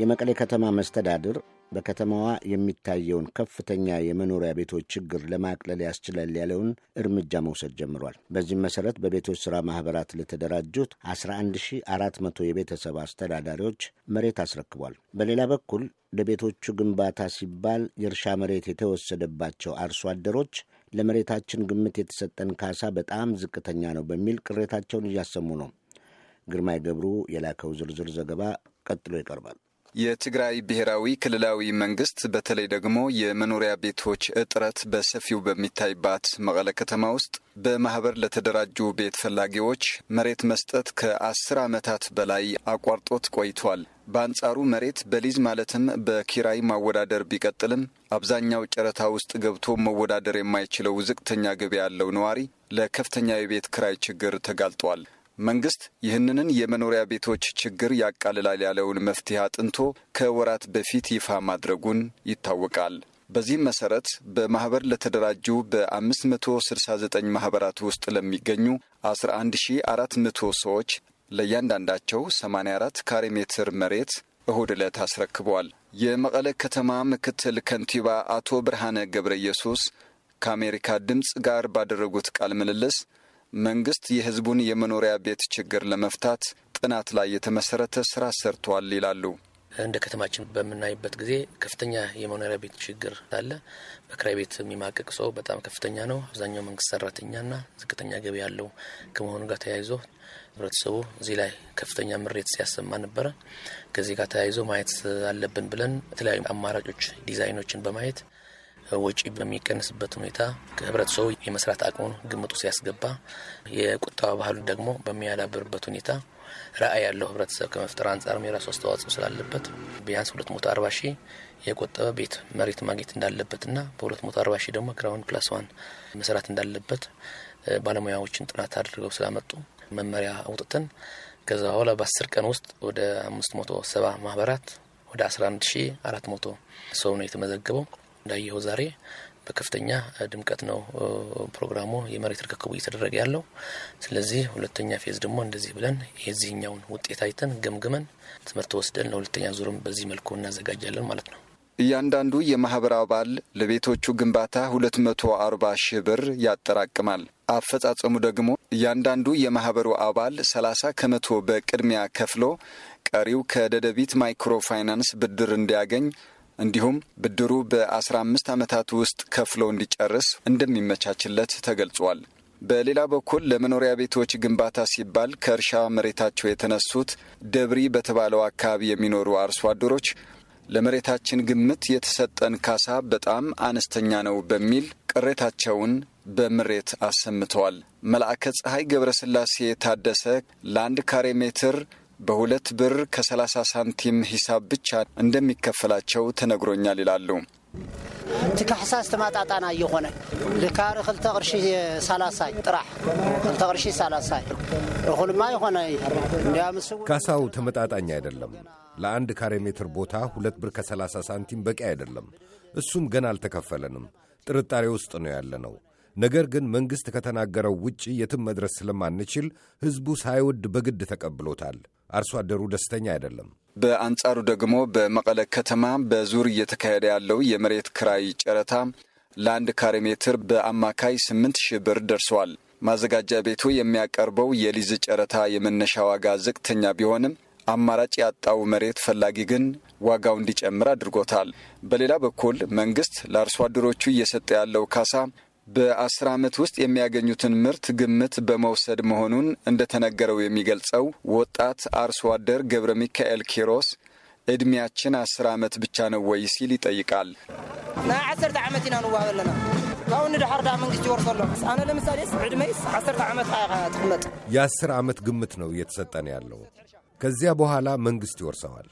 የመቀሌ ከተማ መስተዳድር በከተማዋ የሚታየውን ከፍተኛ የመኖሪያ ቤቶች ችግር ለማቅለል ያስችላል ያለውን እርምጃ መውሰድ ጀምሯል። በዚህም መሠረት በቤቶች ሥራ ማኅበራት ለተደራጁት 11400 የቤተሰብ አስተዳዳሪዎች መሬት አስረክቧል። በሌላ በኩል ለቤቶቹ ግንባታ ሲባል የእርሻ መሬት የተወሰደባቸው አርሶ አደሮች ለመሬታችን ግምት የተሰጠን ካሳ በጣም ዝቅተኛ ነው በሚል ቅሬታቸውን እያሰሙ ነው። ግርማይ ገብሩ የላከው ዝርዝር ዘገባ ቀጥሎ ይቀርባል። የትግራይ ብሔራዊ ክልላዊ መንግስት በተለይ ደግሞ የመኖሪያ ቤቶች እጥረት በሰፊው በሚታይባት መቀለ ከተማ ውስጥ በማህበር ለተደራጁ ቤት ፈላጊዎች መሬት መስጠት ከአስር ዓመታት በላይ አቋርጦት ቆይቷል። በአንጻሩ መሬት በሊዝ ማለትም በኪራይ ማወዳደር ቢቀጥልም አብዛኛው ጨረታ ውስጥ ገብቶ መወዳደር የማይችለው ዝቅተኛ ገቢ ያለው ነዋሪ ለከፍተኛ የቤት ክራይ ችግር ተጋልጧል። መንግስት ይህንን የመኖሪያ ቤቶች ችግር ያቃልላል ያለውን መፍትሄ አጥንቶ ከወራት በፊት ይፋ ማድረጉን ይታወቃል። በዚህም መሰረት በማህበር ለተደራጁ በ569 ማህበራት ውስጥ ለሚገኙ 11400 ሰዎች ለእያንዳንዳቸው 84 ካሬ ሜትር መሬት እሁድ ዕለት አስረክቧል። የመቀለ ከተማ ምክትል ከንቲባ አቶ ብርሃነ ገብረ ኢየሱስ ከአሜሪካ ድምፅ ጋር ባደረጉት ቃለ ምልልስ መንግስት የህዝቡን የመኖሪያ ቤት ችግር ለመፍታት ጥናት ላይ የተመሰረተ ስራ ሰርቷል ይላሉ። እንደ ከተማችን በምናይበት ጊዜ ከፍተኛ የመኖሪያ ቤት ችግር አለ። በክራይ ቤት የሚማቅቅ ሰው በጣም ከፍተኛ ነው። አብዛኛው መንግስት ሰራተኛና ዝቅተኛ ገቢ ያለው ከመሆኑ ጋር ተያይዞ ህብረተሰቡ እዚህ ላይ ከፍተኛ ምሬት ሲያሰማ ነበረ። ከዚህ ጋር ተያይዞ ማየት አለብን ብለን የተለያዩ አማራጮች ዲዛይኖችን በማየት ወጪ በሚቀንስበት ሁኔታ ከህብረተሰቡ የመስራት አቅሙን ግምጡ ሲያስገባ የቁጠባ ባህሉ ደግሞ በሚያዳብርበት ሁኔታ ራዕይ ያለው ህብረተሰብ ከመፍጠር አንጻርም የራሱ አስተዋጽኦ ስላለበት ቢያንስ አርባ ሺህ የቆጠበ ቤት መሬት ማግኘት እንዳለበትና በ አርባ ሺ ደግሞ ግራውንድ ፕላስ ዋን መስራት እንዳለበት ባለሙያዎችን ጥናት አድርገው ስላመጡ መመሪያ አውጥተን ከዛ በኋላ በአስር ቀን ውስጥ ወደ ሰባ ማህበራት ወደ ሞቶ ሰው ነው የተመዘገበው። እንዳየው ዛሬ በከፍተኛ ድምቀት ነው ፕሮግራሙ የመሬት ርክክቡ እየተደረገ ያለው። ስለዚህ ሁለተኛ ፌዝ ደግሞ እንደዚህ ብለን የዚህኛውን ውጤት አይተን ገምግመን ትምህርት ወስደን ለሁለተኛ ዙርም በዚህ መልኩ እናዘጋጃለን ማለት ነው። እያንዳንዱ የማህበር አባል ለቤቶቹ ግንባታ 240 ሺህ ብር ያጠራቅማል። አፈጻጸሙ ደግሞ እያንዳንዱ የማህበሩ አባል 30 ከመቶ በቅድሚያ ከፍሎ ቀሪው ከደደቢት ማይክሮ ፋይናንስ ብድር እንዲያገኝ እንዲሁም ብድሩ በ15 ዓመታት ውስጥ ከፍሎ እንዲጨርስ እንደሚመቻችለት ተገልጿል። በሌላ በኩል ለመኖሪያ ቤቶች ግንባታ ሲባል ከእርሻ መሬታቸው የተነሱት ደብሪ በተባለው አካባቢ የሚኖሩ አርሶ አደሮች ለመሬታችን ግምት የተሰጠን ካሳ በጣም አነስተኛ ነው በሚል ቅሬታቸውን በምሬት አሰምተዋል። መልአከ ፀሐይ ገብረስላሴ ታደሰ ለአንድ ካሬ ሜትር በሁለት ብር ከ30 ሳንቲም ሂሳብ ብቻ እንደሚከፈላቸው ተነግሮኛል ይላሉ። እቲ ካሕሳስ ተማጣጣና እየኾነ ልካሪ ክልተ ቅርሺ ሳላሳይ ጥራሕ ክልተ ቅርሺ ሳላሳይ እኹልማ ይኾነ እንዲያ ምስ ካሳው ተመጣጣኝ አይደለም። ለአንድ ካሬ ሜትር ቦታ ሁለት ብር ከሰላሳ ሳንቲም በቂ አይደለም። እሱም ገና አልተከፈለንም። ጥርጣሬ ውስጥ ነው ያለ ነው። ነገር ግን መንግሥት ከተናገረው ውጪ የትም መድረስ ስለማንችል ሕዝቡ ሳይወድ በግድ ተቀብሎታል። አርሶ አደሩ ደስተኛ አይደለም። በአንጻሩ ደግሞ በመቀለ ከተማ በዙር እየተካሄደ ያለው የመሬት ክራይ ጨረታ ለአንድ ካሬ ሜትር በአማካይ ስምንት ሺህ ብር ደርሰዋል። ማዘጋጃ ቤቱ የሚያቀርበው የሊዝ ጨረታ የመነሻ ዋጋ ዝቅተኛ ቢሆንም አማራጭ ያጣው መሬት ፈላጊ ግን ዋጋው እንዲጨምር አድርጎታል። በሌላ በኩል መንግስት ለአርሶ አደሮቹ እየሰጠ ያለው ካሳ በአስር ዓመት ውስጥ የሚያገኙትን ምርት ግምት በመውሰድ መሆኑን እንደተነገረው የሚገልጸው ወጣት አርሶ አደር ገብረ ሚካኤል ኪሮስ እድሜያችን አስር ዓመት ብቻ ነው ወይ ሲል ይጠይቃል። ናይ ዓሰርተ ዓመት ኢና ንዋሃብ ኣለና ካብኡ ዳ መንግስቲ ይወርሶ ኣሎ ኣነ ለምሳሌስ ዕድመይስ ዓሰርተ ዓመት ትቅመጥ የአስር ዓመት ግምት ነው እየተሰጠን ያለው። ከዚያ በኋላ መንግሥት ይወርሰዋል።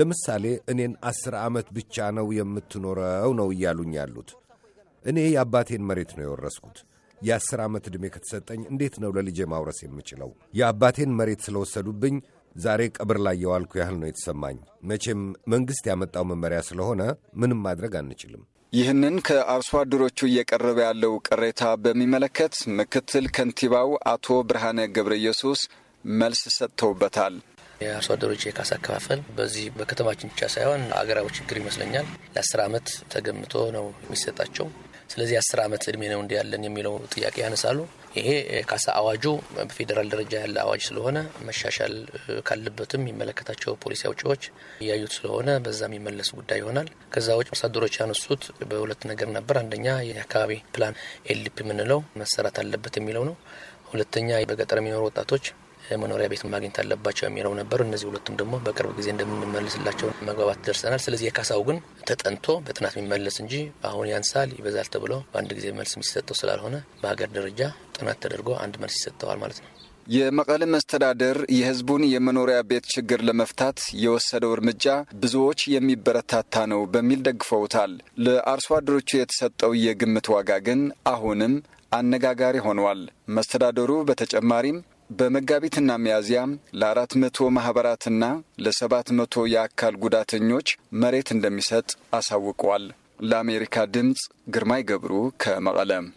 ለምሳሌ እኔን አስር ዓመት ብቻ ነው የምትኖረው ነው እያሉኝ ያሉት እኔ የአባቴን መሬት ነው የወረስኩት። የአስር ዓመት ዕድሜ ከተሰጠኝ እንዴት ነው ለልጄ ማውረስ የምችለው? የአባቴን መሬት ስለወሰዱብኝ ዛሬ ቀብር ላይ የዋልኩ ያህል ነው የተሰማኝ። መቼም መንግሥት ያመጣው መመሪያ ስለሆነ ምንም ማድረግ አንችልም። ይህንን ከአርሶ አደሮቹ እየቀረበ ያለው ቅሬታ በሚመለከት ምክትል ከንቲባው አቶ ብርሃነ ገብረ ኢየሱስ መልስ ሰጥተውበታል። የአርሶ አደሮች የካሳ አከፋፈል በዚህ በከተማችን ብቻ ሳይሆን አገራዊ ችግር ይመስለኛል። ለአስር ዓመት ተገምቶ ነው የሚሰጣቸው። ስለዚህ አስር ዓመት እድሜ ነው እንዲ ያለን የሚለው ጥያቄ ያነሳሉ። ይሄ ካሳ አዋጁ በፌዴራል ደረጃ ያለ አዋጅ ስለሆነ መሻሻል ካለበትም የሚመለከታቸው ፖሊሲ አውጪዎች እያዩት ስለሆነ በዛ የሚመለስ ጉዳይ ይሆናል። ከዛ ውጭ አርሶ ያነሱት በሁለት ነገር ነበር። አንደኛ የአካባቢ ፕላን ኤልፒ የምንለው መሰራት አለበት የሚለው ነው። ሁለተኛ በገጠር የሚኖሩ ወጣቶች መኖሪያ ቤት ማግኘት አለባቸው የሚለው ነበሩ። እነዚህ ሁለቱም ደግሞ በቅርብ ጊዜ እንደምንመልስላቸው መግባባት ደርሰናል። ስለዚህ የካሳው ግን ተጠንቶ በጥናት የሚመለስ እንጂ አሁን ያንሳል ይበዛል ተብሎ በአንድ ጊዜ መልስ የሚሰጠው ስላልሆነ በሀገር ደረጃ ጥናት ተደርጎ አንድ መልስ ይሰጠዋል ማለት ነው። የመቀለ መስተዳደር የሕዝቡን የመኖሪያ ቤት ችግር ለመፍታት የወሰደው እርምጃ ብዙዎች የሚበረታታ ነው በሚል ደግፈውታል። ለአርሶ አደሮቹ የተሰጠው የግምት ዋጋ ግን አሁንም አነጋጋሪ ሆኗል። መስተዳደሩ በተጨማሪም በመጋቢትና ሚያዝያ ለአራት መቶ ማኅበራትና ለሰባት መቶ የአካል ጉዳተኞች መሬት እንደሚሰጥ አሳውቀዋል። ለአሜሪካ ድምፅ ግርማይ ገብሩ ከመቐለም